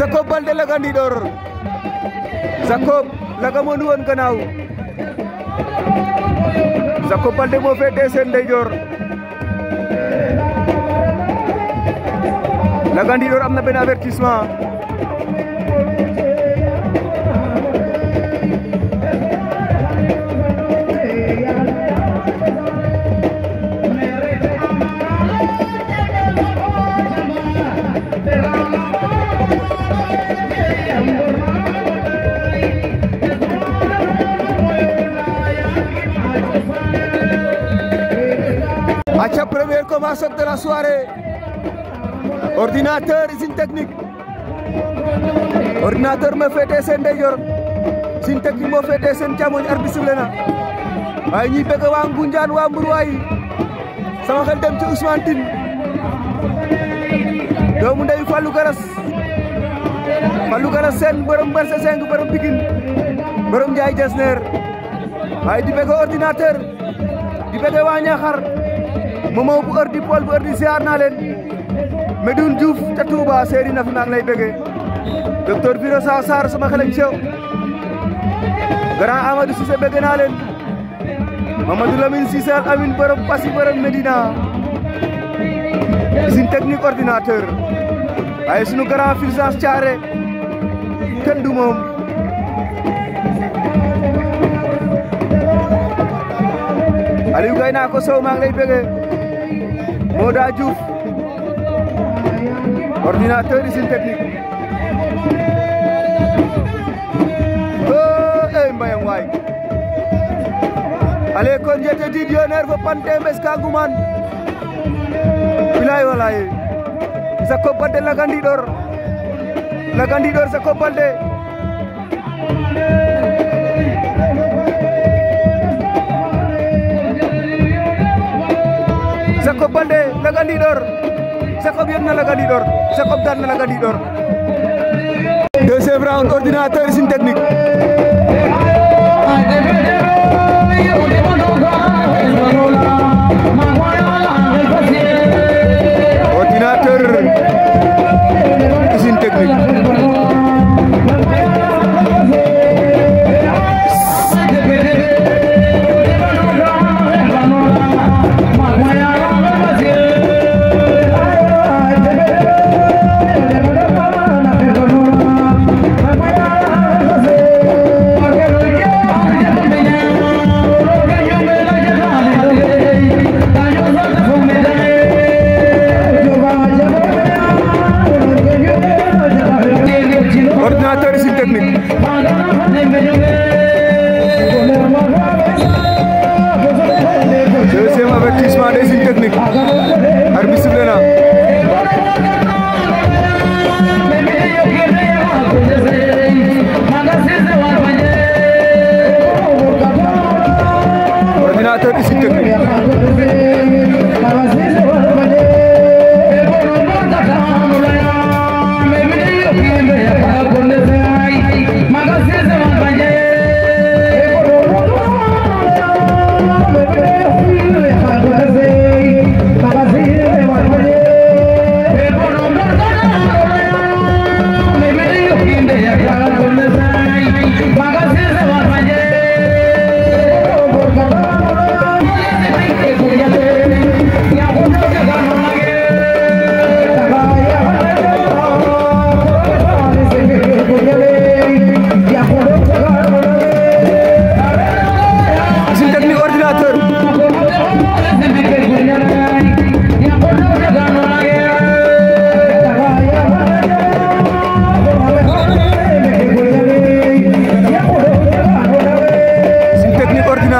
Jacob Baldé la nga ndiidoor Jacob la nga mënu woon gannaaw Jacob Baldé moo féetee seen ndeyjoor la nga ndiidoor am na benn avertissement aca première commencement de la soirée ordinateur usine technique ordinateur moo féetee seen ndeyjoor usine technique moo féetee seen càmmoñ arbitre sifflé na waaye ñuy bëgg waa Ngunjaan waa Mbourwaay sama xel dem ci Ousmane Tine doomu ndeyu Fallou Garas Fallou Garas seen borom Barça Seng borom Pikine borom Ndiaye Jasner waaye di bëgg ordinateur di bëgg waa Niakhar Momo bu Ordi Paul bu Ordi siyaar naa leen Medoune Diouf ca Touba seeri na fi maa ngi lay bëggee docteur Biro sa Sarr sama xel ak ceew grand Amadou Cissé bëgg naa leen Mamadou Lamine Cissé al Amin borom Passy Medina usine technique ordinateur waaye sunu grand Fulgence Thiaré kenn du moom fay naa ko sow maa ngi lay bëggee Moda Diouf ordinateur usine technique oh, ey eh, waay ale kon njete diid yoneer fo pante mbes ka guman bilaay walaay sako balde lagandiɗor lagandiɗor sako balde Jacob Baldé Lagandidoor Jacob yem na Lagandidoor Jacob daan na Lagandidoor deuxième round ordinateur sin technique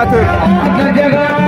ordinateur